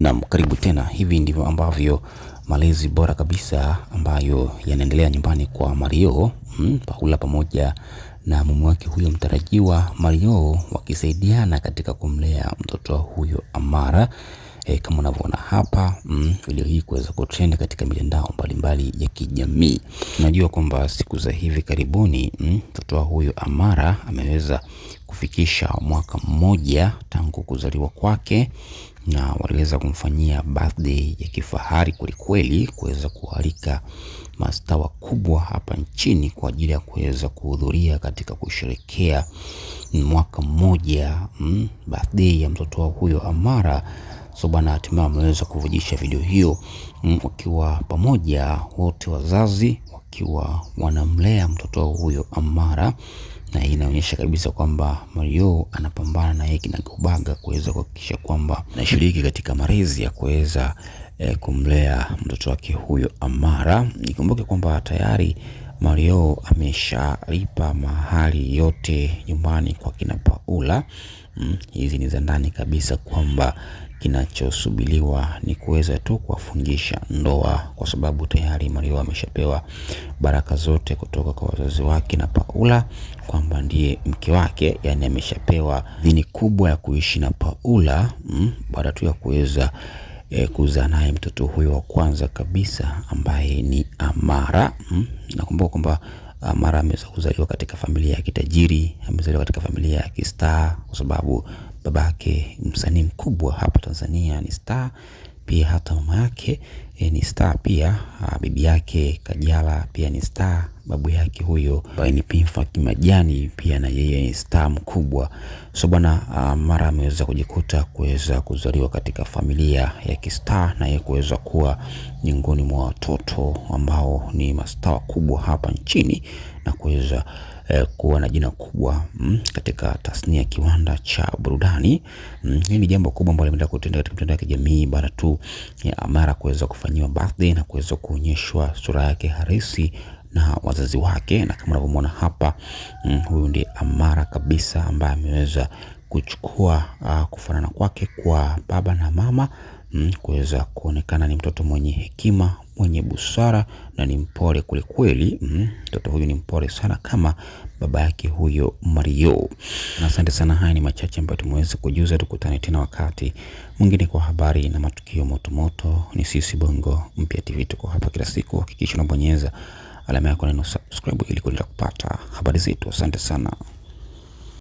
Naam, karibu tena. Hivi ndivyo ambavyo malezi bora kabisa ambayo yanaendelea nyumbani kwa Mario hmm, Paula pamoja na mume wake huyo mtarajiwa Mario wakisaidiana katika kumlea mtoto huyo Amara. E, kama unavyoona hapa mm, video hii kuweza kutrend katika mitandao mbalimbali ya kijamii. Tunajua kwamba siku za hivi karibuni mm, mtoto mm, huyu Amara ameweza kufikisha mwaka mmoja tangu kuzaliwa kwake na waliweza kumfanyia birthday ya kifahari kwelikweli, kuweza kualika mastaa wakubwa hapa nchini kwa ajili ya kuweza kuhudhuria katika kusherekea mwaka mmoja mm, birthday ya mtoto wa huyo Amara So bwana, hatimaye wameweza kuvujisha video hiyo mm, wakiwa pamoja wote, wazazi wakiwa wanamlea mtoto huyo Amara, na hii inaonyesha kabisa kwamba Mario anapambana na yeye kinagaubaga kuweza kuhakikisha kwamba anashiriki katika malezi ya kuweza eh, kumlea mtoto wake huyo Amara. Nikumbuke kwamba tayari Mario ameshalipa mahali yote nyumbani kwa kina Paula. Mm, hizi ni za ndani kabisa kwamba kinachosubiliwa ni kuweza tu kuwafungisha ndoa, kwa sababu tayari Mario ameshapewa baraka zote kutoka kwa wazazi wake na Paula kwamba ndiye mke wake, yani ameshapewa dhini kubwa ya kuishi na Paula mm, baada tu ya kuweza e, kuzaa naye mtoto huyo wa kwanza kabisa ambaye ni Amara mm. Nakumbuka kwamba Amara ameweza kuzaliwa katika familia ya kitajiri, amezaliwa katika familia ya kistaa kwa sababu babake msanii mkubwa hapa Tanzania ni star, pia hata mama yake eh, ni star, pia ah, bibi yake Kajala pia ni star babu yake huyo ambaye ni Pinfack Kimajani, pia na yeye ni star mkubwa. So bwana uh, mara ameweza kujikuta kuweza kuzaliwa katika familia ya kistar na yeye kuweza kuwa miongoni mwa watoto ambao ni mastaa wakubwa hapa nchini na kuweza eh, kuwa na jina kubwa mm, katika tasnia ya kiwanda cha burudani mm. Hii ni jambo kubwa ambalo limeenda kutendeka katika mitandao ya kijamii baada tu ya Amara kuweza kufanyiwa birthday na kuweza kuonyeshwa sura yake halisi na wazazi wake, na kama unavyomwona hapa mm, huyu ndiye Amara kabisa ambaye ameweza kuchukua uh, kufanana kwake kwa baba na mama mm, kuweza kuonekana ni mtoto mwenye hekima, mwenye busara na ni mpole kwelikweli. Mm. Mtoto mm, huyu ni mpole sana kama baba yake huyo Mario. Na asante sana, haya ni machache ambayo tumeweza kujuza. Tukutane tena wakati mwingine kwa habari na matukio motomoto. Ni sisi Bongo Mpya TV, tuko hapa kila siku. Hakikisha unabonyeza alama yako neno subscribe ili kuendelea kupata habari zetu. Asante sana.